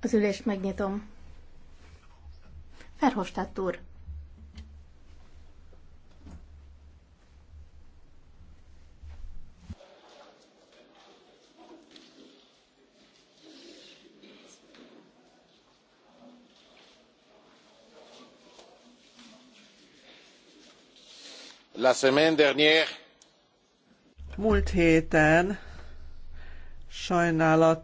Az ülést megnyitom. Ferhostát úr. La semaine dernière, múlt héten sajnálattal